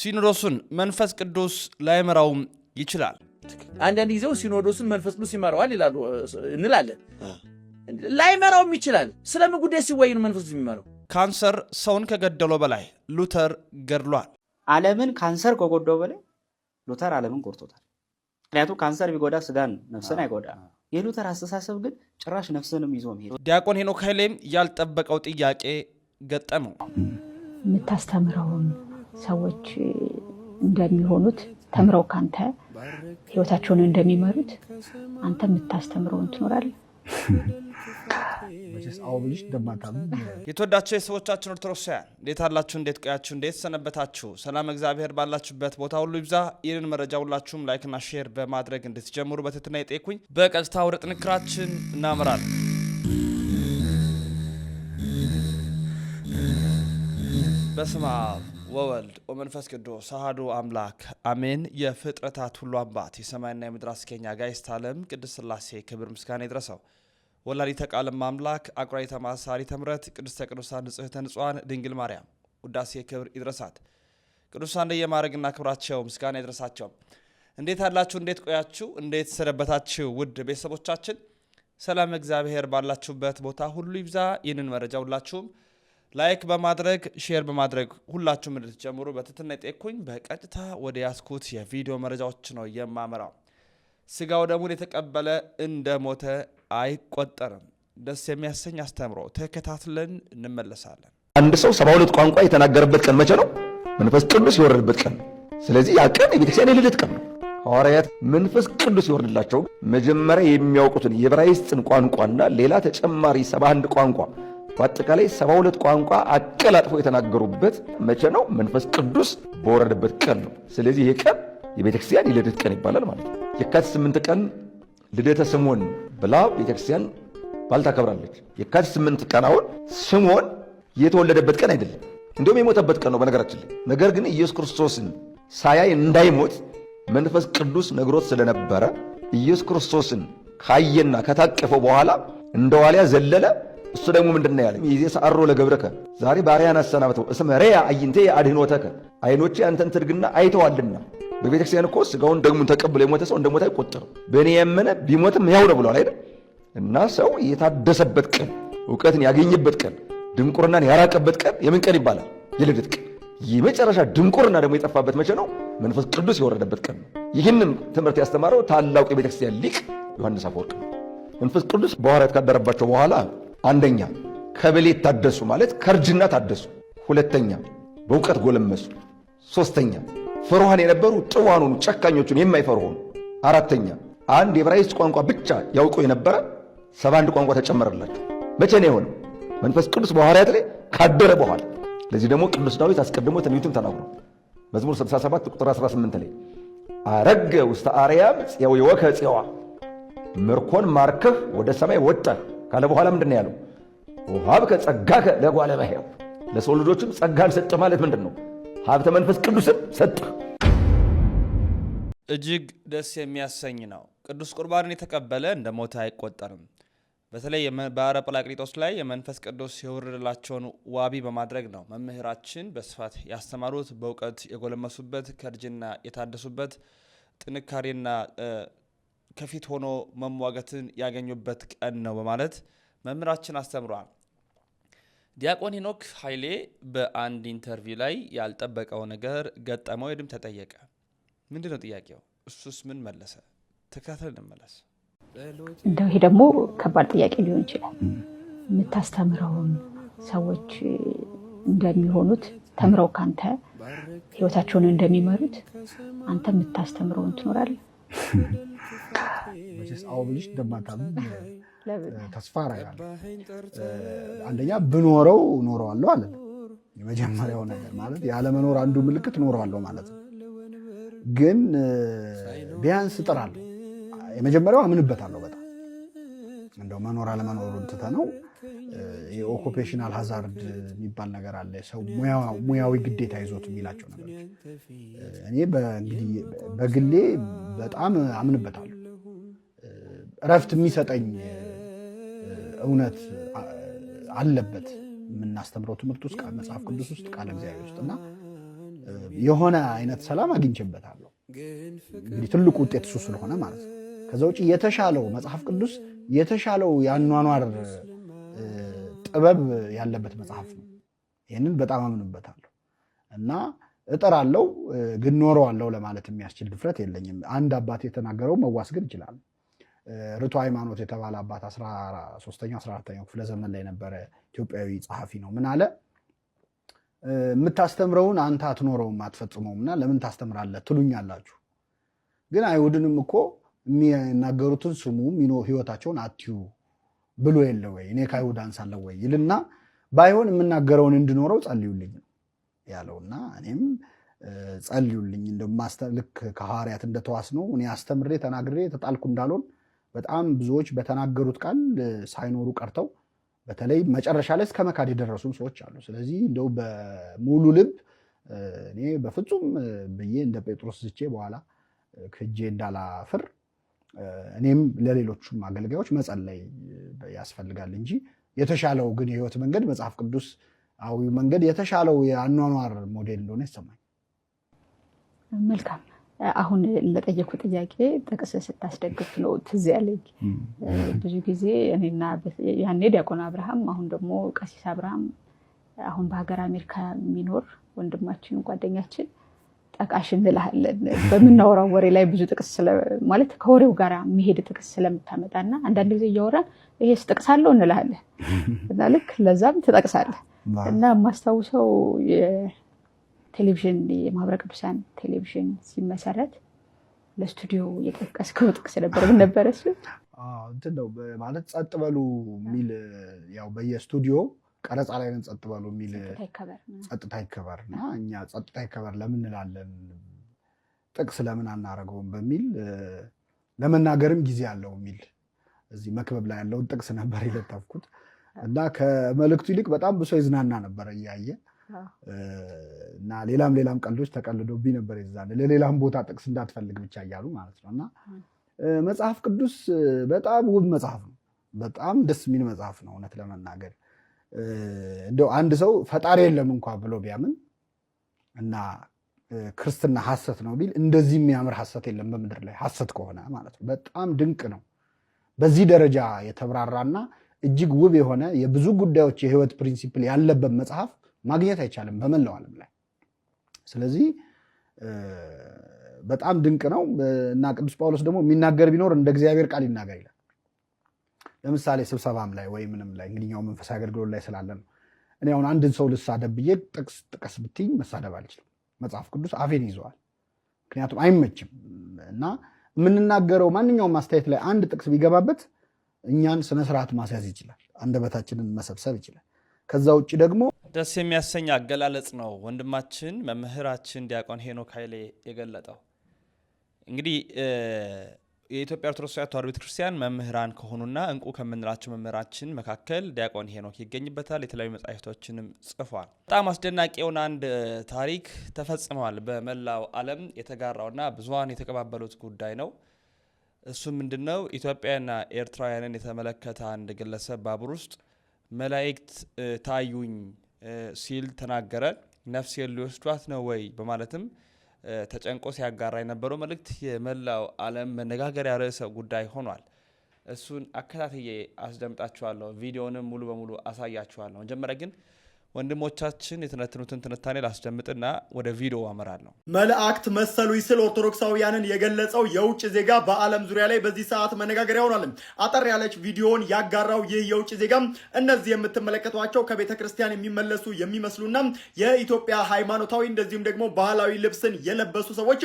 ሲኖዶሱን መንፈስ ቅዱስ ላይመራውም ይችላል። አንዳንድ ጊዜው ሲኖዶሱን መንፈስ ቅዱስ ይመራዋል ይላሉ እንላለን። ላይመራውም ይችላል። ስለምን ጉዳይ ሲወይ ነው መንፈስ ቅዱስ የሚመራው? ካንሰር ሰውን ከገደለው በላይ ሉተር ገድሏል። ዓለምን ካንሰር ከጎዳው በላይ ሉተር ዓለምን ጎድቶታል። ምክንያቱም ካንሰር ቢጎዳ ስጋን ነፍስን አይጎዳ። የሉተር አስተሳሰብ ግን ጭራሽ ነፍስንም ይዞ ሄ ዲያቆን ሄኖክ ኃይሌም ያልጠበቀው ጥያቄ ገጠመው። የምታስተምረውን ሰዎች እንደሚሆኑት ተምረው ካንተ ህይወታቸውን እንደሚመሩት አንተ የምታስተምረውን ትኖራለህ። የተወዳቸው የሰዎቻችን ኦርቶዶክሳውያን እንዴት አላችሁ? እንዴት ቆያችሁ? እንዴት ሰነበታችሁ? ሰላም እግዚአብሔር ባላችሁበት ቦታ ሁሉ ይብዛ። ይህንን መረጃ ሁላችሁም ላይክና ሼር በማድረግ እንድትጀምሩ በትህትና የጠየኩኝ። በቀጥታ ወደ ጥንክራችን እናምራል። በስመ አብ ወወልድ ወመንፈስ ቅዱስ አሐዱ አምላክ አሜን። የፍጥረታት ሁሉ አባት የሰማይና የምድር አስገኛ ጋይስት ዓለም ቅድስት ሥላሴ ክብር ምስጋና ይድረሰው። ወላዲተ ቃል አምላክ አቁራይ ተማሳሪ ተምረት ቅድስተ ቅዱሳን ንጽሕተ ንጹሐን ድንግል ማርያም ውዳሴ ክብር ይድረሳት። ቅዱሳን እንደየማዕረግና ክብራቸው ምስጋና ይድረሳቸው። እንዴት አላችሁ? እንዴት ቆያችሁ? እንዴት ሰነበታችሁ? ውድ ቤተሰቦቻችን ሰላም እግዚአብሔር ባላችሁበት ቦታ ሁሉ ይብዛ። ይህንን መረጃ ሁላችሁም ላይክ በማድረግ ሼር በማድረግ ሁላችሁም እንድትጀምሩ በትትና የጠየኩኝ። በቀጥታ ወደ ያስኩት የቪዲዮ መረጃዎች ነው የማመራው። ስጋው ደሙን የተቀበለ እንደ ሞተ አይቆጠርም። ደስ የሚያሰኝ አስተምሮ ተከታትለን እንመለሳለን። አንድ ሰው ሰባ ሁለት ቋንቋ የተናገረበት ቀን መቼ ነው? መንፈስ ቅዱስ የወረደበት ቀን። ስለዚህ ያ ቀን የቤተክርስቲያን የልደት ቀን ነው። ሐዋርያት መንፈስ ቅዱስ ይወርድላቸው መጀመሪያ የሚያውቁትን የዕብራይስጥን ቋንቋና ሌላ ተጨማሪ ሰባ አንድ ቋንቋ በአጠቃላይ ሰባ ሁለት ቋንቋ አቀላጥፎ የተናገሩበት መቼ ነው? መንፈስ ቅዱስ በወረደበት ቀን ነው። ስለዚህ ይህ ቀን የቤተክርስቲያን የልደት ቀን ይባላል ማለት ነው። የካቲት ስምንት ቀን ልደተ ስምዖን ብላ ቤተክርስቲያን ባል ታከብራለች። የካቲት ስምንት ቀን አሁን ስምዖን የተወለደበት ቀን አይደለም፣ እንዲሁም የሞተበት ቀን ነው በነገራችን ላይ። ነገር ግን ኢየሱስ ክርስቶስን ሳያይ እንዳይሞት መንፈስ ቅዱስ ነግሮት ስለነበረ ኢየሱስ ክርስቶስን ካየና ከታቀፈው በኋላ እንደ ዋልያ ዘለለ እሱ ደግሞ ምንድን ነው ያለኝ? ይዜ ሰአሮ ለገብረከ ዛሬ ባሪያን አሰናብተው እስመ ሬያ አይንቴ አድህኖተከ አይኖች አንተን ትድግና አይተዋልና። በቤተክርስቲያን እኮ ስጋውን ደግሞ ተቀብሎ የሞተ ሰው እንደሞተ ሞተ አይቆጠርም። በእኔ ያመነ ቢሞትም ያው ነው ብሏል አይደል? እና ሰው የታደሰበት ቀን፣ እውቀትን ያገኘበት ቀን፣ ድንቁርናን ያራቀበት ቀን የምን ቀን ይባላል? የልደት ቀን። የመጨረሻ ድንቁርና ደግሞ የጠፋበት መቼ ነው? መንፈስ ቅዱስ የወረደበት ቀን ነው። ይህንም ትምህርት ያስተማረው ታላቁ የቤተክርስቲያን ሊቅ ዮሐንስ አፈወርቅ ነው። መንፈስ ቅዱስ በሐዋርያት ካደረባቸው በኋላ አንደኛ ከብሌት ታደሱ ማለት ከእርጅና ታደሱ፣ ሁለተኛ በእውቀት ጎለመሱ፣ ሶስተኛ ፍሩሃን የነበሩ ጥዋን ሆኑ፣ ጨካኞቹን የማይፈሩ ሆኑ፣ አራተኛ አንድ የዕብራይስጥ ቋንቋ ብቻ ያውቁ የነበረ ሰባ አንድ ቋንቋ ተጨመረላቸው። መቼ ነው የሆነው? መንፈስ ቅዱስ በሐዋርያት ላይ ካደረ በኋላ። ለዚህ ደግሞ ቅዱስ ዳዊት አስቀድሞ ትንቢቱን ተናግሮ መዝሙር 67 ቁጥር 18 ላይ አረገ ውስተ አርያም ወከ ፄዋ ምርኮን ማርከህ ወደ ሰማይ ወጣ። ካለ በኋላ ምንድን ነው ያለው? ወሀብከ ጸጋከ ለጓለ እመሕያው ለሰው ልጆችም ጸጋን ሰጠ ማለት ምንድን ነው? ሀብተ መንፈስ ቅዱስም ሰጠ። እጅግ ደስ የሚያሰኝ ነው። ቅዱስ ቁርባንን የተቀበለ እንደ ሞተ አይቆጠርም። በተለይ በአረ ጰራቅሊጦስ ላይ የመንፈስ ቅዱስ የወረደላቸውን ዋቢ በማድረግ ነው መምህራችን በስፋት ያስተማሩት፣ በእውቀት የጎለመሱበት፣ ከእርጅና የታደሱበት ጥንካሬና ከፊት ሆኖ መሟገትን ያገኙበት ቀን ነው በማለት መምህራችን አስተምረዋል። ዲያቆን ሄኖክ ኃይሌ በአንድ ኢንተርቪው ላይ ያልጠበቀው ነገር ገጠመው። የድም ተጠየቀ። ምንድን ነው ጥያቄው? እሱስ ምን መለሰ? ተከታተል እንመለስ። እንደው ይሄ ደግሞ ከባድ ጥያቄ ሊሆን ይችላል። የምታስተምረውን ሰዎች እንደሚሆኑት ተምረው ካንተ ህይወታቸውን እንደሚመሩት አንተ የምታስተምረውን ትኖራለህ መቼስ አዎ ብልሽ እንደማታምን ተስፋ አደርጋለሁ። አንደኛ ብኖረው ኖረዋለሁ አለ። የመጀመሪያው ነገር ማለት ያለመኖር አንዱ ምልክት ኖረዋለሁ ማለት ነው። ግን ቢያንስ እጥራለሁ። የመጀመሪያው አምንበታለሁ በጣም እንደው መኖር አለመኖሩን ትተነው የኦኩፔሽናል ሀዛርድ የሚባል ነገር አለ። ሰው ሙያዊ ግዴታ ይዞት የሚላቸው ነገሮች እኔ እንግዲህ በግሌ በጣም አምንበታለሁ። እረፍት የሚሰጠኝ እውነት አለበት የምናስተምረው ትምህርት ውስጥ መጽሐፍ ቅዱስ ውስጥ ቃለ እግዚአብሔር ውስጥ እና የሆነ አይነት ሰላም አግኝቼበታለሁ። እንግዲህ ትልቁ ውጤት እሱ ስለሆነ ማለት ነው። ከዛ ውጭ የተሻለው መጽሐፍ ቅዱስ የተሻለው የአኗኗር ጥበብ ያለበት መጽሐፍ ነው። ይህንን በጣም አምንበታለሁ እና እጠራለሁ ግን ኖረዋለሁ ለማለት የሚያስችል ድፍረት የለኝም። አንድ አባት የተናገረው መዋስ ግን ይችላል። ርቱ ሃይማኖት የተባለ አባት 13ኛው 14ኛው ክፍለ ዘመን ላይ የነበረ ኢትዮጵያዊ ጸሐፊ ነው። ምን አለ? የምታስተምረውን አንተ አትኖረውም እና ለምን ታስተምራለህ ትሉኛላችሁ፣ ግን አይሁድንም እኮ የሚናገሩትን ስሙ፣ ህይወታቸውን አትዩ ብሎ የለ ወይ እኔ ከአይሁድ አንሳለሁ ወይ ይልና ባይሆን የምናገረውን እንድኖረው ጸልዩልኝ ያለውና እኔም ጸልዩልኝ ልክ ከሐዋርያት እንደተዋስኖ እኔ አስተምሬ ተናግሬ ተጣልኩ እንዳልሆን በጣም ብዙዎች በተናገሩት ቃል ሳይኖሩ ቀርተው በተለይ መጨረሻ ላይ እስከ መካድ የደረሱም ሰዎች አሉ። ስለዚህ እንደው በሙሉ ልብ እኔ በፍጹም ብዬ እንደ ጴጥሮስ ዝቼ በኋላ ክጄ እንዳላፍር እኔም ለሌሎቹም አገልጋዮች መጸለይ ያስፈልጋል እንጂ የተሻለው ግን የህይወት መንገድ መጽሐፍ ቅዱስ አዊ መንገድ የተሻለው የአኗኗር ሞዴል እንደሆነ ይሰማኝ። መልካም። አሁን ለጠየኩ ጥያቄ ጥቅስ ስታስደግፍ ነው ትዝ ያለኝ። ብዙ ጊዜ እኔና ያኔ ዲያቆን አብርሃም አሁን ደግሞ ቀሲስ አብርሃም አሁን በሀገር አሜሪካ የሚኖር ወንድማችን ጓደኛችን ጠቃሽ እንልሃለን በምናወራው ወሬ ላይ ብዙ ጥቅስ ማለት ከወሬው ጋር የሚሄድ ጥቅስ ስለምታመጣ እና አንዳንድ ጊዜ እያወራን ይሄስ ጥቅስ አለው እንልሃለን እና ልክ ለዛም ትጠቅሳለህ እና የማስታውሰው ቴሌቪዥን የማህበረ ቅዱሳን ቴሌቪዥን ሲመሰረት ለስቱዲዮ የጠቀስከው ጥቅስ ነበር። ምን ነበረ ስ እንትን ነው ማለት ጸጥ በሉ የሚል ያው በየስቱዲዮ ቀረጻ ላይ ነን ጸጥ በሉ የሚል ጸጥታ ይከበር እና እኛ ጸጥታ ይከበር ለምን እላለን ጥቅስ ለምን አናረገውም? በሚል ለመናገርም ጊዜ አለው የሚል እዚህ መክበብ ላይ ያለውን ጥቅስ ነበር የለጠፍኩት እና ከመልእክቱ ይልቅ በጣም ብሶ ይዝናና ነበረ እያየ እና ሌላም ሌላም ቀልዶች ተቀልዶብኝ ነበር ይዛለ ለሌላም ቦታ ጥቅስ እንዳትፈልግ ብቻ እያሉ ማለት ነው እና መጽሐፍ ቅዱስ በጣም ውብ መጽሐፍ ነው። በጣም ደስ የሚል መጽሐፍ ነው እውነት ለመናገር እንደው አንድ ሰው ፈጣሪ የለም እንኳ ብሎ ቢያምን እና ክርስትና ሐሰት ነው ቢል እንደዚህ የሚያምር ሐሰት የለም በምድር ላይ ሐሰት ከሆነ ማለት ነው። በጣም ድንቅ ነው። በዚህ ደረጃ የተብራራና እጅግ ውብ የሆነ የብዙ ጉዳዮች የህይወት ፕሪንሲፕል ያለበት መጽሐፍ ማግኘት አይቻልም በመላው ዓለም ላይ። ስለዚህ በጣም ድንቅ ነው እና ቅዱስ ጳውሎስ ደግሞ የሚናገር ቢኖር እንደ እግዚአብሔር ቃል ይናገር ይላል። ለምሳሌ ስብሰባም ላይ ወይ ምንም ላይ እንግዲኛው መንፈሳዊ አገልግሎት ላይ ስላለ ነው። እኔ አሁን አንድን ሰው ልሳደብ ብዬ ጥቅስ ጥቀስ ብትኝ መሳደብ አልችልም። መጽሐፍ ቅዱስ አፌን ይዘዋል። ምክንያቱም አይመችም እና የምንናገረው ማንኛውም አስተያየት ላይ አንድ ጥቅስ ቢገባበት እኛን ስነስርዓት ማስያዝ ይችላል። አንደበታችንን መሰብሰብ ይችላል። ከዛ ውጭ ደግሞ ደስ የሚያሰኝ አገላለጽ ነው ወንድማችን መምህራችን ዲያቆን ሄኖክ ኃይሌ የገለጠው እንግዲህ የኢትዮጵያ ኦርቶዶክስ ተዋሕዶ ቤተክርስቲያን መምህራን ከሆኑና እንቁ ከምንላቸው መምህራችን መካከል ዲያቆን ሄኖክ ይገኝበታል። የተለያዩ መጽሐፍቶችንም ጽፏል። በጣም አስደናቂ የሆነ አንድ ታሪክ ተፈጽመዋል። በመላው ዓለም የተጋራውና ብዙሀን የተቀባበሉት ጉዳይ ነው። እሱ ምንድን ነው? ኢትዮጵያና ኤርትራውያንን የተመለከተ አንድ ግለሰብ ባቡር ውስጥ መላእክት ታዩኝ ሲል ተናገረ። ነፍሴን ሊወስዷት ነው ወይ በማለትም ተጨንቆ ሲያጋራ የነበረው መልእክት የመላው ዓለም መነጋገሪያ ርዕሰ ጉዳይ ሆኗል። እሱን አከታትዬ አስደምጣችኋለሁ። ቪዲዮንም ሙሉ በሙሉ አሳያችኋለሁ። መጀመሪያ ግን ወንድሞቻችን የተነትኑትን ትንታኔ ላስደምጥና ወደ ቪዲዮ አመራለሁ። መላእክት መሰሉ ስል ኦርቶዶክሳውያንን የገለጸው የውጭ ዜጋ በዓለም ዙሪያ ላይ በዚህ ሰዓት መነጋገሪያ ሆኗል። አጠር ያለች ቪዲዮን ያጋራው ይህ የውጭ ዜጋ እነዚህ የምትመለከቷቸው ከቤተ ክርስቲያን የሚመለሱ የሚመስሉና የኢትዮጵያ ሃይማኖታዊ እንደዚሁም ደግሞ ባህላዊ ልብስን የለበሱ ሰዎች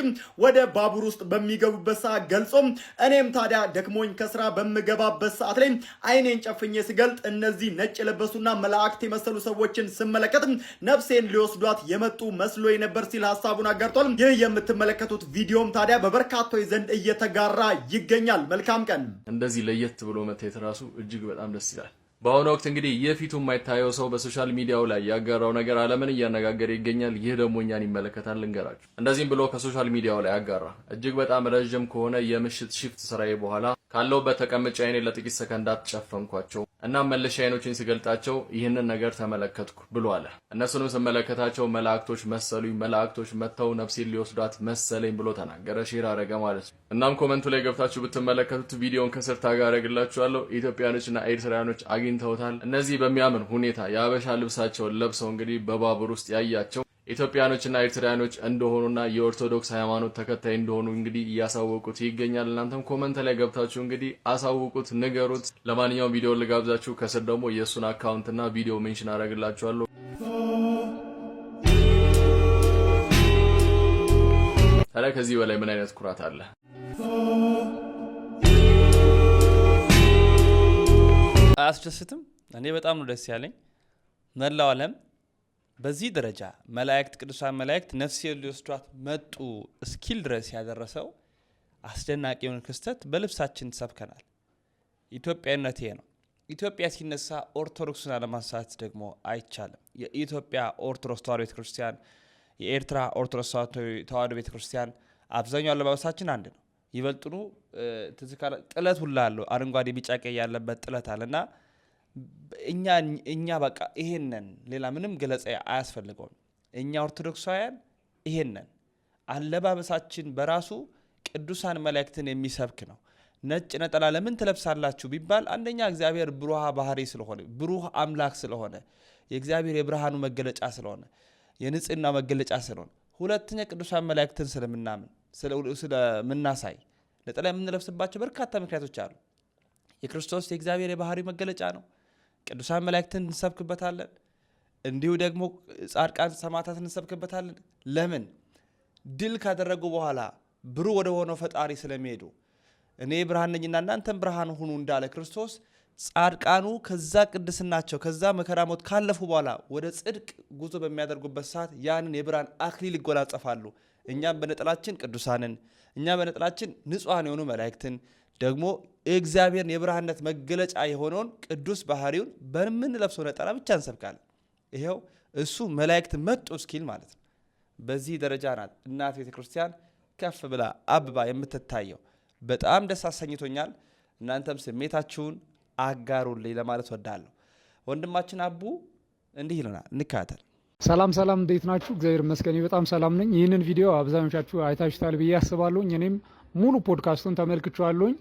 ወደ ባቡር ውስጥ በሚገቡበት ሰዓት ገልጾ እኔም ታዲያ ደክሞኝ ከስራ በምገባበት ሰዓት ላይ አይኔን ጨፍኜ ስገልጥ እነዚህ ነጭ የለበሱና መላእክት የመሰሉ ሰዎችን ስመለከት ነፍሴን ሊወስዷት የመጡ መስሎ ነበር ሲል ሀሳቡን አጋርቷል። ይህ የምትመለከቱት ቪዲዮም ታዲያ በበርካታዎች ዘንድ እየተጋራ ይገኛል። መልካም ቀን። እንደዚህ ለየት ብሎ መታየት ራሱ እጅግ በጣም ደስ ይላል። በአሁኑ ወቅት እንግዲህ የፊቱ የማይታየው ሰው በሶሻል ሚዲያው ላይ ያጋራው ነገር ዓለምን እያነጋገረ ይገኛል። ይህ ደግሞ እኛን ይመለከታል። ልንገራችሁ፣ እንደዚህም ብሎ ከሶሻል ሚዲያው ላይ ያጋራ እጅግ በጣም ረዥም ከሆነ የምሽት ሽፍት ስራዬ በኋላ ካለውበት ተቀምጬ አይኔ ለጥቂት ሰከንዳት ጨፈንኳቸው እና መልሼ አይኖችን ሲገልጣቸው ይህንን ነገር ተመለከትኩ ብሎ አለ። እነሱንም ስመለከታቸው መላእክቶች መሰሉኝ፣ መላእክቶች መጥተው ነፍሴን ሊወስዷት መሰለኝ ብሎ ተናገረ ሼር አረገ ማለት ነው። እናም ኮመንቱ ላይ ገብታችሁ ብትመለከቱት ቪዲዮን ከስር ታጋ ያደረግላችኋለሁ። ኢትዮጵያኖችና ኤርትራያኖች አግኝተውታል። እነዚህ በሚያምን ሁኔታ የአበሻ ልብሳቸውን ለብሰው እንግዲህ በባቡር ውስጥ ያያቸው ኢትዮጵያኖችና ኤርትራያኖች እንደሆኑና የኦርቶዶክስ ሃይማኖት ተከታይ እንደሆኑ እንግዲህ እያሳወቁት ይገኛል። እናንተም ኮመንት ላይ ገብታችሁ እንግዲህ አሳውቁት፣ ንገሩት። ለማንኛውም ቪዲዮ ልጋብዛችሁ። ከስር ደግሞ የእሱን አካውንትና ቪዲዮ ሜንሽን አደርግላችኋለሁ። ታዲያ ከዚህ በላይ ምን አይነት ኩራት አለ? አያስደስትም? እኔ በጣም ነው ደስ ያለኝ መላው ዓለም በዚህ ደረጃ መላእክት ቅዱሳን መላእክት ነፍሴን ሊወስዷት መጡ እስኪል ድረስ ያደረሰው አስደናቂውን ክስተት በልብሳችን ሰብከናል። ኢትዮጵያዊነት ይሄ ነው። ኢትዮጵያ ሲነሳ ኦርቶዶክስን አለማንሳት ደግሞ አይቻልም። የኢትዮጵያ ኦርቶዶክስ ተዋሕዶ ቤተክርስቲያን፣ የኤርትራ ኦርቶዶክስ ተዋሕዶ ቤተክርስቲያን አብዛኛው አለባበሳችን አንድ ነው። ይበልጥኑ ትዝካ ጥለት ሁላ አለው። አረንጓዴ ቢጫ ቀይ ያለበት ጥለት እና እኛ እኛ በቃ ይሄንን ሌላ ምንም ገለጻ አያስፈልገውም። እኛ ኦርቶዶክሳውያን ይሄንን አለባበሳችን በራሱ ቅዱሳን መላእክትን የሚሰብክ ነው። ነጭ ነጠላ ለምን ትለብሳላችሁ ቢባል አንደኛ እግዚአብሔር ብሩሃ ባህሪ ስለሆነ ብሩህ አምላክ ስለሆነ የእግዚአብሔር የብርሃኑ መገለጫ ስለሆነ የንጽህና መገለጫ ስለሆነ፣ ሁለተኛ ቅዱሳን መላእክትን ስለምናምን ስለምናሳይ ነጠላ የምንለብስባቸው በርካታ ምክንያቶች አሉ። የክርስቶስ የእግዚአብሔር የባህሪ መገለጫ ነው። ቅዱሳን መላእክትን እንሰብክበታለን። እንዲሁ ደግሞ ጻድቃን ሰማዕታትን እንሰብክበታለን። ለምን ድል ካደረጉ በኋላ ብሩ ወደ ሆነው ፈጣሪ ስለሚሄዱ እኔ ብርሃን ነኝና እናንተም ብርሃን ሁኑ እንዳለ ክርስቶስ ጻድቃኑ ከዛ ቅድስናቸው ከዛ መከራ ሞት ካለፉ በኋላ ወደ ጽድቅ ጉዞ በሚያደርጉበት ሰዓት ያንን የብርሃን አክሊል ይጎናጸፋሉ። እኛም በነጠላችን ቅዱሳንን እኛ በነጠላችን ንጹሐን የሆኑ መላእክትን ደግሞ የእግዚአብሔርን የብርሃንነት መገለጫ የሆነውን ቅዱስ ባህሪውን በምንለብሰው ነጠላ ብቻ እንሰብካለን። ይኸው እሱ መላእክት መጡ እስኪል ማለት ነው። በዚህ ደረጃ ናት እናት ቤተ ክርስቲያን ከፍ ብላ አብባ የምትታየው። በጣም ደስ አሰኝቶኛል። እናንተም ስሜታችሁን አጋሩልኝ ለማለት ወዳለሁ። ወንድማችን አቡ እንዲህ ይለናል፣ እንካተል ሰላም ሰላም፣ እንዴት ናችሁ? እግዚአብሔር ይመስገን በጣም ሰላም ነኝ። ይህንን ቪዲዮ አብዛኞቻችሁ አይታችሁታል ብዬ አስባለሁኝ እኔም ሙሉ ፖድካስቱን ተመልክቼዋለሁኝ።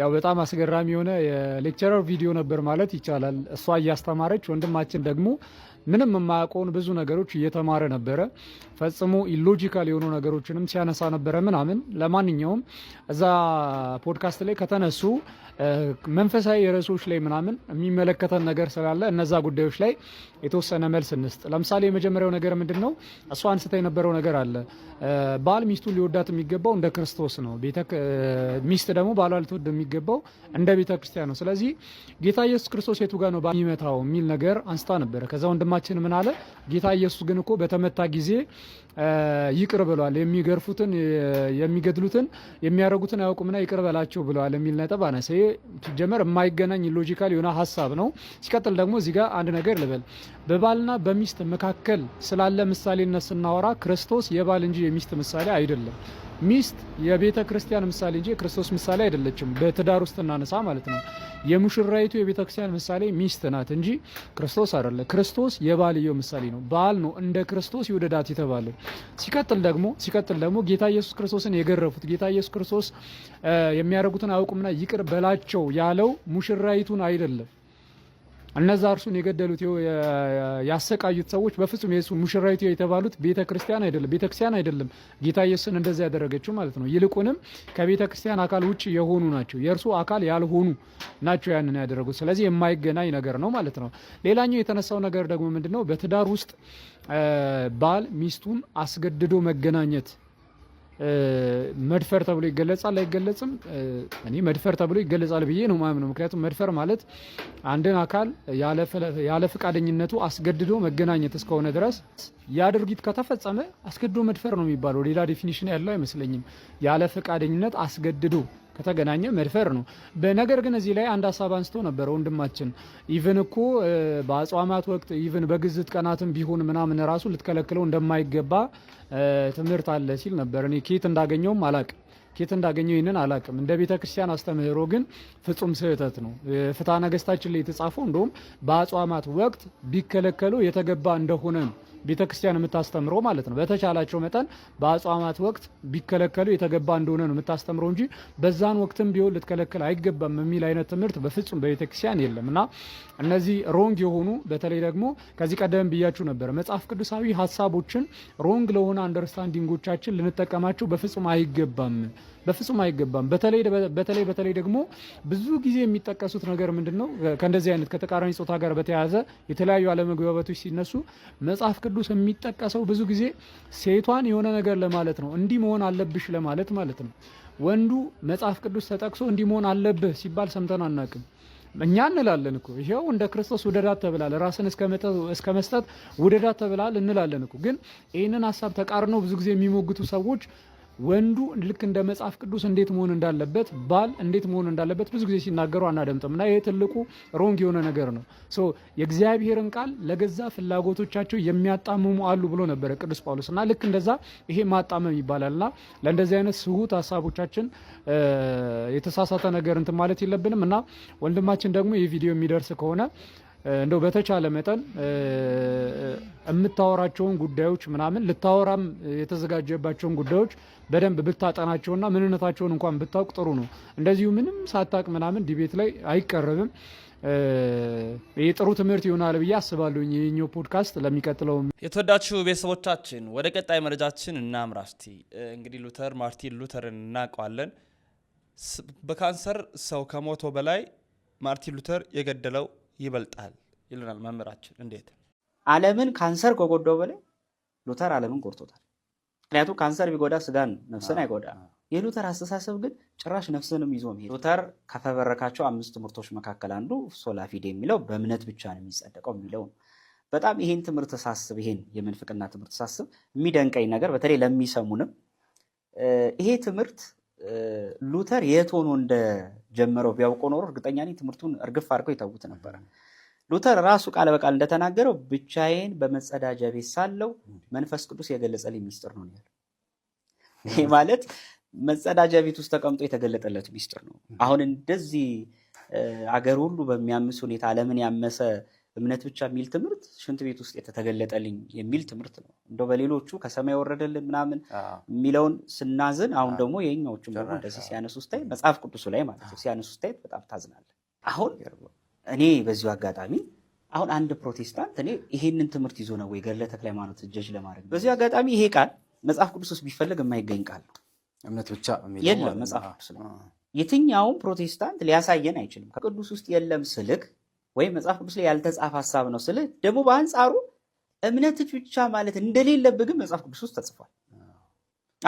ያው በጣም አስገራሚ የሆነ የሌክቸረር ቪዲዮ ነበር ማለት ይቻላል። እሷ እያስተማረች ወንድማችን ደግሞ ምንም የማያውቀውን ብዙ ነገሮች እየተማረ ነበረ። ፈጽሞ ኢሎጂካል የሆኑ ነገሮችንም ሲያነሳ ነበረ ምናምን። ለማንኛውም እዛ ፖድካስት ላይ ከተነሱ መንፈሳዊ ርዕሶች ላይ ምናምን የሚመለከተን ነገር ስላለ እነዛ ጉዳዮች ላይ የተወሰነ መልስ እንስጥ። ለምሳሌ የመጀመሪያው ነገር ምንድን ነው? እሱ አንስታ የነበረው ነገር አለ። ባል ሚስቱን ሊወዳት የሚገባው እንደ ክርስቶስ ነው። ሚስት ደግሞ ባሏ ልትወድ የሚገባው እንደ ቤተ ክርስቲያን ነው። ስለዚህ ጌታ ኢየሱስ ክርስቶስ የቱ ጋር ነው የሚመታው የሚል ነገር አንስታ ነበረ። ከዛ ወንድም ወንድማችን ምን አለ? ጌታ ኢየሱስ ግን እኮ በተመታ ጊዜ ይቅር ብሏል፣ የሚገርፉትን፣ የሚገድሉትን፣ የሚያደርጉትን አያውቁምና ይቅር በላቸው ብለዋል የሚል ነጥብ አነሰ። ሲጀመር የማይገናኝ ሎጂካል የሆነ ሀሳብ ነው። ሲቀጥል ደግሞ እዚህ ጋር አንድ ነገር ልበል። በባልና በሚስት መካከል ስላለ ምሳሌነት ስናወራ ክርስቶስ የባል እንጂ የሚስት ምሳሌ አይደለም። ሚስት የቤተ ክርስቲያን ምሳሌ እንጂ የክርስቶስ ምሳሌ አይደለችም። በትዳር ውስጥ እናነሳ ማለት ነው። የሙሽራይቱ የቤተ ክርስቲያን ምሳሌ ሚስት ናት እንጂ ክርስቶስ አይደለ። ክርስቶስ የባልየው ምሳሌ ነው፣ ባል ነው እንደ ክርስቶስ ይውደዳት የተባለ። ሲቀጥል ደግሞ ሲቀጥል ደግሞ ጌታ ኢየሱስ ክርስቶስን የገረፉት ጌታ ኢየሱስ ክርስቶስ የሚያደርጉትን አያውቁምና ይቅር በላቸው ያለው ሙሽራይቱን አይደለም እነዛ እርሱን የገደሉት ያሰቃዩት ሰዎች በፍጹም የሱ ሙሽራዊት የተባሉት ቤተ ክርስቲያን አይደለም፣ ቤተ ክርስቲያን አይደለም ጌታ ኢየሱስን እንደዛ ያደረገችው ማለት ነው። ይልቁንም ከቤተ ክርስቲያን አካል ውጭ የሆኑ ናቸው፣ የእርሱ አካል ያልሆኑ ናቸው ያንን ያደረጉት። ስለዚህ የማይገናኝ ነገር ነው ማለት ነው። ሌላኛው የተነሳው ነገር ደግሞ ምንድነው? በትዳር ውስጥ ባል ሚስቱን አስገድዶ መገናኘት መድፈር ተብሎ ይገለጻል አይገለጽም? እኔ መድፈር ተብሎ ይገለጻል ብዬ ነው ነው ምክንያቱም መድፈር ማለት አንድን አካል ያለ ፈቃደኝነቱ አስገድዶ መገናኘት እስከሆነ ድረስ ያ ድርጊት ከተፈጸመ አስገድዶ መድፈር ነው የሚባለው። ሌላ ዴፊኒሽን ያለው አይመስለኝም። ያለ ፈቃደኝነት አስገድዶ ከተገናኘ መድፈር ነው። በነገር ግን እዚህ ላይ አንድ ሀሳብ አንስቶ ነበረ ወንድማችን። ኢቭን እኮ በአጽዋማት ወቅት ኢቭን በግዝት ቀናትም ቢሆን ምናምን ራሱ ልትከለክለው እንደማይገባ ትምህርት አለ ሲል ነበር። እኔ ኬት እንዳገኘውም አላቅ ኬት እንዳገኘው ይህንን አላቅም። እንደ ቤተ ክርስቲያን አስተምህሮ ግን ፍጹም ስህተት ነው። ፍትሐ ነገስታችን ላይ የተጻፈው እንደውም በአጽዋማት ወቅት ቢከለከሉ የተገባ እንደሆነ ነው። ቤተ ክርስቲያን የምታስተምረው ማለት ነው። በተቻላቸው መጠን በአጽዋማት ወቅት ቢከለከሉ የተገባ እንደሆነ ነው የምታስተምረው እንጂ በዛን ወቅትም ቢሆን ልትከለከል አይገባም የሚል አይነት ትምህርት በፍጹም በቤተ ክርስቲያን የለም እና እነዚህ ሮንግ የሆኑ በተለይ ደግሞ ከዚህ ቀደም ብያችሁ ነበረ መጽሐፍ ቅዱሳዊ ሀሳቦችን ሮንግ ለሆነ አንደርስታንዲንጎቻችን ልንጠቀማቸው በፍጹም አይገባም በፍጹም አይገባም። በተለይ በተለይ ደግሞ ብዙ ጊዜ የሚጠቀሱት ነገር ምንድን ነው? ከእንደዚህ አይነት ከተቃራኒ ጾታ ጋር በተያያዘ የተለያዩ አለመግባባቶች ሲነሱ መጽሐፍ ቅዱስ የሚጠቀሰው ብዙ ጊዜ ሴቷን የሆነ ነገር ለማለት ነው። እንዲህ መሆን አለብሽ ለማለት ማለት ነው። ወንዱ መጽሐፍ ቅዱስ ተጠቅሶ እንዲህ መሆን አለብህ ሲባል ሰምተን አናውቅም። እኛ እንላለን እኮ ይኸው እንደ ክርስቶስ ውደዳት ተብላል፣ ራስን እስከ መስጠት ውደዳት ተብላል እንላለን እኮ። ግን ይህንን ሀሳብ ተቃርነው ብዙ ጊዜ የሚሞግቱ ሰዎች ወንዱ ልክ እንደ መጽሐፍ ቅዱስ እንዴት መሆን እንዳለበት ባል እንዴት መሆን እንዳለበት ብዙ ጊዜ ሲናገሩ አናደምጥም እና ይሄ ትልቁ ሮንግ የሆነ ነገር ነው። ሶ የእግዚአብሔርን ቃል ለገዛ ፍላጎቶቻቸው የሚያጣምሙ አሉ ብሎ ነበረ ቅዱስ ጳውሎስ እና ልክ እንደዛ ይሄ ማጣመም ይባላል እና ለእንደዚህ አይነት ስሁት ሀሳቦቻችን የተሳሳተ ነገር እንትን ማለት የለብንም እና ወንድማችን ደግሞ ይህ ቪዲዮ የሚደርስ ከሆነ እንደው በተቻለ መጠን የምታወራቸውን ጉዳዮች ምናምን ልታወራም የተዘጋጀባቸውን ጉዳዮች በደንብ ብታጠናቸውና ምንነታቸውን እንኳን ብታውቅ ጥሩ ነው። እንደዚሁ ምንም ሳታቅ ምናምን ዲቤት ላይ አይቀርብም። ይህ ጥሩ ትምህርት ይሆናል ብዬ አስባለሁ። ይህኛው ፖድካስት ለሚቀጥለው የተወዳችሁ ቤተሰቦቻችን ወደ ቀጣይ መረጃችን እና እስቲ እንግዲህ ሉተር ማርቲን ሉተርን እናውቀዋለን። በካንሰር ሰው ከሞቶ በላይ ማርቲን ሉተር የገደለው ይበልጣል ይሉናል መምህራችን። እንዴት ዓለምን ካንሰር ከጎዳው በላይ ሉተር ዓለምን ጎድቶታል። ምክንያቱም ካንሰር ቢጎዳ ስጋን ነፍስን አይጎዳ። የሉተር አስተሳሰብ ግን ጭራሽ ነፍስንም ይዞ መሄድ። ሉተር ከፈበረካቸው አምስት ትምህርቶች መካከል አንዱ ሶላ የሚለው በእምነት ብቻ ነው የሚጸደቀው የሚለው ነው። በጣም ይሄን ትምህርት ሳስብ ይሄን የምንፍቅና ትምህርት ሳስብ የሚደንቀኝ ነገር በተለይ ለሚሰሙንም ይሄ ትምህርት ሉተር የት ሆኖ እንደጀመረው ቢያውቆ ኖሮ እርግጠኛ ነኝ ትምህርቱን እርግፍ አድርገው ይተዉት ነበረ። ሉተር ራሱ ቃል በቃል እንደተናገረው ብቻዬን በመጸዳጃ ቤት ሳለው መንፈስ ቅዱስ የገለጸልኝ ሚስጥር ነው ያለው። ይህ ማለት መጸዳጃ ቤት ውስጥ ተቀምጦ የተገለጠለት ሚስጥር ነው። አሁን እንደዚህ አገር ሁሉ በሚያምስ ሁኔታ ለምን ያመሰ እምነት ብቻ የሚል ትምህርት ሽንት ቤት ውስጥ የተተገለጠልኝ የሚል ትምህርት ነው። እንደው በሌሎቹ ከሰማይ ወረደልን ምናምን የሚለውን ስናዝን፣ አሁን ደግሞ የኛዎቹም ደግሞ እንደዚህ ሲያነሱ ስታይ መጽሐፍ ቅዱሱ ላይ ማለት ነው ሲያነሱ ስታይ በጣም ታዝናለ። አሁን እኔ በዚሁ አጋጣሚ አሁን አንድ ፕሮቴስታንት እኔ ይሄንን ትምህርት ይዞ ነው ወይ ገድለ ተክለ ሃይማኖት እጀጅ ለማድረግ በዚሁ አጋጣሚ ይሄ ቃል መጽሐፍ ቅዱስ ውስጥ ቢፈለግ የማይገኝ ቃል ነው። እምነት ብቻ የለም መጽሐፍ ቅዱስ ላይ የትኛውም ፕሮቴስታንት ሊያሳየን አይችልም። ከቅዱስ ውስጥ የለም ስልክ ወይም መጽሐፍ ቅዱስ ላይ ያልተጻፈ ሀሳብ ነው ስልህ ደግሞ በአንጻሩ እምነትህ ብቻ ማለት እንደሌለብህ ግን መጽሐፍ ቅዱስ ውስጥ ተጽፏል።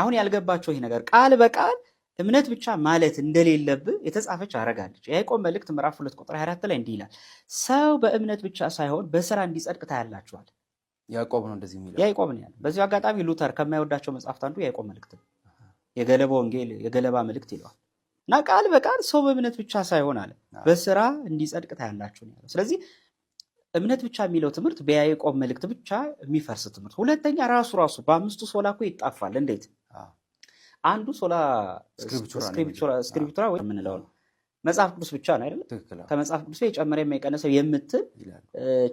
አሁን ያልገባቸው ይህ ነገር ቃል በቃል እምነት ብቻ ማለት እንደሌለብህ የተጻፈች አረጋለች። የያዕቆብ መልእክት ምዕራፍ ሁለት ቁጥር 24 ላይ እንዲህ ይላል፣ ሰው በእምነት ብቻ ሳይሆን በስራ እንዲጸድቅ ታያላችኋል። ያዕቆብ ነው እንደዚህ የሚለው ያዕቆብ ነው ያለው። በዚሁ አጋጣሚ ሉተር ከማይወዳቸው መጽሐፍት አንዱ ያዕቆብ መልእክት ነው። የገለባ ወንጌል የገለባ መልእክት ይለዋል። እና ቃል በቃል ሰው በእምነት ብቻ ሳይሆን አለ በስራ እንዲጸድቅ ታያላችሁ ነው ያለው። ስለዚህ እምነት ብቻ የሚለው ትምህርት በያዕቆብ መልእክት ብቻ የሚፈርስ ትምህርት። ሁለተኛ ራሱ ራሱ በአምስቱ ሶላ እኮ ይጣፋል። እንዴት አንዱ ሶላ ስክሪፕቱራ የምንለው ነው መጽሐፍ ቅዱስ ብቻ ነው አይደለም። ከመጽሐፍ ቅዱስ የጨመረ የማይቀነሰው የምትል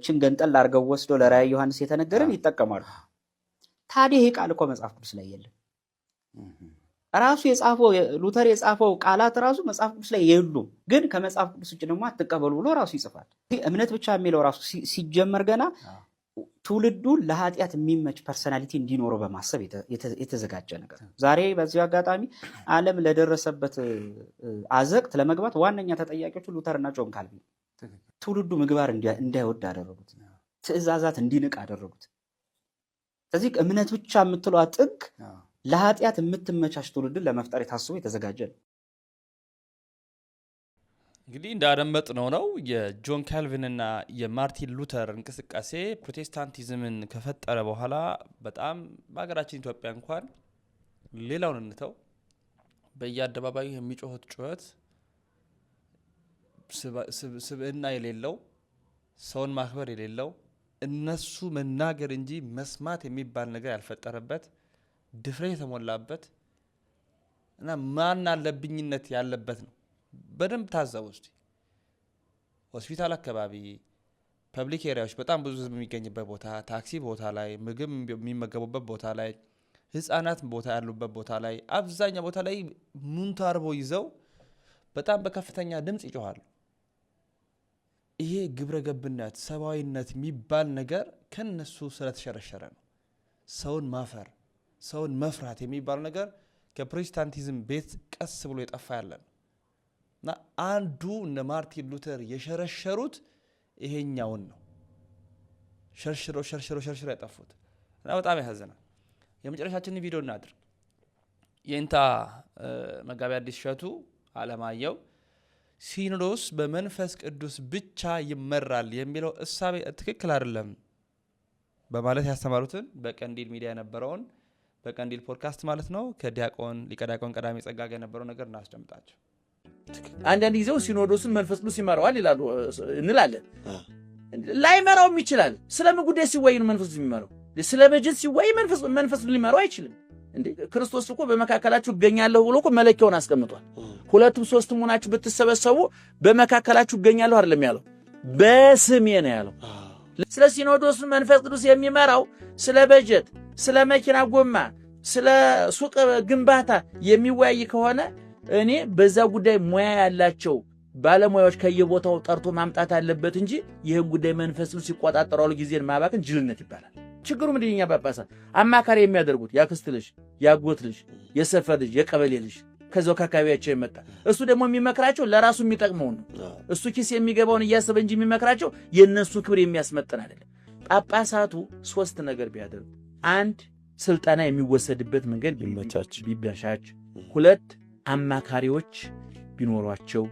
ችን ገንጠል አድርገው ወስዶ ለራዕየ ዮሐንስ የተነገረን ይጠቀማሉ። ታዲያ ይህ ቃል እኮ መጽሐፍ ቅዱስ ላይ የለም። ራሱ የጻፈው ሉተር የጻፈው ቃላት ራሱ መጽሐፍ ቅዱስ ላይ የሉም፣ ግን ከመጽሐፍ ቅዱስ ውጭ ደግሞ አትቀበሉ ብሎ ራሱ ይጽፋል። እምነት ብቻ የሚለው ራሱ ሲጀመር ገና ትውልዱን ለኃጢአት የሚመች ፐርሰናሊቲ እንዲኖረው በማሰብ የተዘጋጀ ነገር። ዛሬ በዚሁ አጋጣሚ ዓለም ለደረሰበት አዘቅት ለመግባት ዋነኛ ተጠያቂዎቹ ሉተርና ጆን ካልቪን ትውልዱ ምግባር እንዳይወድ አደረጉት፣ ትእዛዛት እንዲንቅ አደረጉት። ስለዚህ እምነት ብቻ የምትለዋ ጥግ ለኃጢአት የምትመቻች ትውልድን ለመፍጠር የታስቦ የተዘጋጀ ነው። እንግዲህ እንዳደመጥ ነው ነው የጆን ካልቪንና የማርቲን ሉተር እንቅስቃሴ ፕሮቴስታንቲዝምን ከፈጠረ በኋላ በጣም በሀገራችን ኢትዮጵያ እንኳን ሌላውን እንተው በየአደባባዩ የሚጮሁት ጩኸት ስብዕና የሌለው ሰውን ማክበር የሌለው እነሱ መናገር እንጂ መስማት የሚባል ነገር ያልፈጠረበት ድፍረት የተሞላበት እና ማን አለብኝነት ያለበት ነው። በደንብ ታዘቡ እስቲ። ሆስፒታል አካባቢ ፐብሊክ ኤሪያዎች በጣም ብዙ ህዝብ የሚገኝበት ቦታ፣ ታክሲ ቦታ ላይ፣ ምግብ የሚመገቡበት ቦታ ላይ፣ ህጻናት ቦታ ያሉበት ቦታ ላይ፣ አብዛኛው ቦታ ላይ ሙንታርቦ ይዘው በጣም በከፍተኛ ድምፅ ይጮኋሉ። ይሄ ግብረ ገብነት ሰብአዊነት የሚባል ነገር ከነሱ ስለተሸረሸረ ነው። ሰውን ማፈር ሰውን መፍራት የሚባል ነገር ከፕሮቴስታንቲዝም ቤት ቀስ ብሎ የጠፋ ያለ ነው እና አንዱ እነ ማርቲን ሉተር የሸረሸሩት ይሄኛውን ነው። ሸርሽረው ሸርሽረው ሸርሽረው ያጠፉት እና በጣም ያሳዝናል። የመጨረሻችንን ቪዲዮ እናድርግ። የኢንታ መጋቢ አዲስ እሸቱ አለማየሁ ሲኖዶስ በመንፈስ ቅዱስ ብቻ ይመራል የሚለው እሳቤ ትክክል አይደለም በማለት ያስተማሩትን በቀንዲል ሚዲያ የነበረውን በቀንዲል ፖድካስት ማለት ነው። ከዲያቆን ሊቀዳቆን ቀዳሚ ቀዳሜ ጸጋ የነበረው ነገር እናስደምጣቸው አንዳንድ ጊዜው ሲኖዶስን መንፈስ ቅዱስ ይመራዋል ይላሉ እንላለን። ላይመራውም ይችላል። ስለ ጉዳይ ሲወይ ነው መንፈስ የሚመራው? ስለ በጀት ሲወይ መንፈስ ሊመራው አይችልም። እንዴ ክርስቶስ እኮ በመካከላችሁ እገኛለሁ ብሎ እኮ መለኪያውን አስቀምጧል። ሁለቱም ሶስት ሆናችሁ ብትሰበሰቡ በመካከላችሁ እገኛለሁ አይደለም ያለው፣ በስሜ ነው ያለው። ስለ ሲኖዶሱ መንፈስ ቅዱስ የሚመራው ስለ በጀት ስለ መኪና ጎማ፣ ስለ ሱቅ ግንባታ የሚወያይ ከሆነ እኔ በዛ ጉዳይ ሙያ ያላቸው ባለሙያዎች ከየቦታው ጠርቶ ማምጣት አለበት እንጂ ይህን ጉዳይ መንፈስም ሲቆጣጠረዋል ጊዜን ማባክን ጅልነት ይባላል። ችግሩ ምንድን እኛ ጳጳሳት አማካሪ የሚያደርጉት ያክስት ልጅ፣ ያጎት ልጅ፣ የሰፈር ልጅ፣ የቀበሌ ልጅ ከዛው ከአካባቢያቸው የመጣ እሱ ደግሞ የሚመክራቸው ለራሱ የሚጠቅመውን እሱ ኪስ የሚገባውን እያሰበ እንጂ የሚመክራቸው የእነሱ ክብር የሚያስመጥን አይደለም። ጳጳሳቱ ሶስት ነገር ቢያደርጉ አንድ ስልጠና የሚወሰድበት መንገድ ቢመቻች ሁለት አማካሪዎች ቢኖሯቸው፣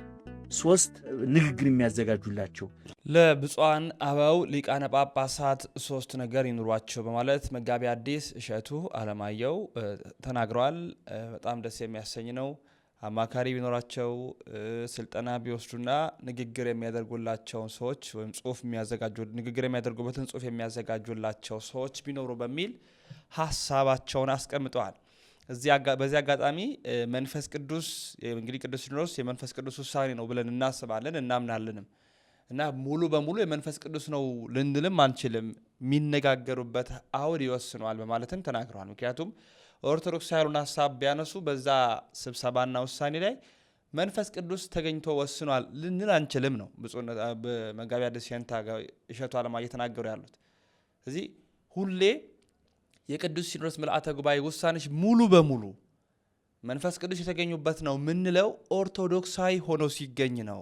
ሶስት ንግግር የሚያዘጋጁላቸው ለብፁዓን አበው ሊቃነ ጳጳሳት ሶስት ነገር ይኑሯቸው በማለት መጋቢ አዲስ እሸቱ አለማየው ተናግረዋል። በጣም ደስ የሚያሰኝ ነው። አማካሪ ቢኖራቸው ስልጠና ቢወስዱና ንግግር የሚያደርጉላቸውን ሰዎች ወይም ጽሁፍ የሚያዘጋጁ ንግግር የሚያደርጉበትን ጽሁፍ የሚያዘጋጁላቸው ሰዎች ቢኖሩ በሚል ሀሳባቸውን አስቀምጠዋል። በዚህ አጋጣሚ መንፈስ ቅዱስ እንግዲህ ቅዱስ ሲኖዶስ የመንፈስ ቅዱስ ውሳኔ ነው ብለን እናስባለን እናምናለንም እና ሙሉ በሙሉ የመንፈስ ቅዱስ ነው ልንልም አንችልም። የሚነጋገሩበት አውድ ይወስነዋል በማለትም ተናግረዋል። ምክንያቱም ኦርቶዶክስ ያሉን ሀሳብ ቢያነሱ በዛ ስብሰባና ውሳኔ ላይ መንፈስ ቅዱስ ተገኝቶ ወስኗል ልንል አንችልም ነው መጋቢ ሐዲስ ሸንታ እሸቱ አለማ እየተናገሩ ያሉት። እዚህ ሁሌ የቅዱስ ሲኖዶስ ምልአተ ጉባኤ ውሳኔች ሙሉ በሙሉ መንፈስ ቅዱስ የተገኙበት ነው ምንለው ኦርቶዶክሳዊ ሆኖ ሲገኝ ነው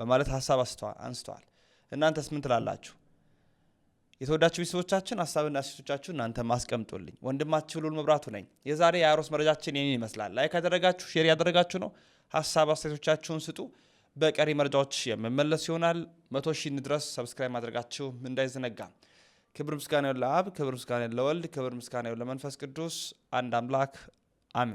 በማለት ሀሳብ አንስተዋል። እናንተስ ምን ትላላችሁ? የተወዳችሁ ቤተሰቦቻችን ሀሳብና ሴቶቻችሁ እናንተ ማስቀምጡልኝ። ወንድማችሁ ሉል መብራቱ ነኝ። የዛሬ የአሮስ መረጃችን ይህን ይመስላል። ላይ ካደረጋችሁ ሼር ያደረጋችሁ ነው። ሀሳብ አስተያየቶቻችሁን ስጡ። በቀሪ መረጃዎች የምመለስ ይሆናል። መቶ ሺህ ድረስ ሰብስክራይብ ማድረጋችሁ እንዳይዘነጋ። ክብር ምስጋና ለአብ፣ ክብር ምስጋና ለወልድ፣ ክብር ምስጋና ለመንፈስ ቅዱስ አንድ አምላክ አሜን።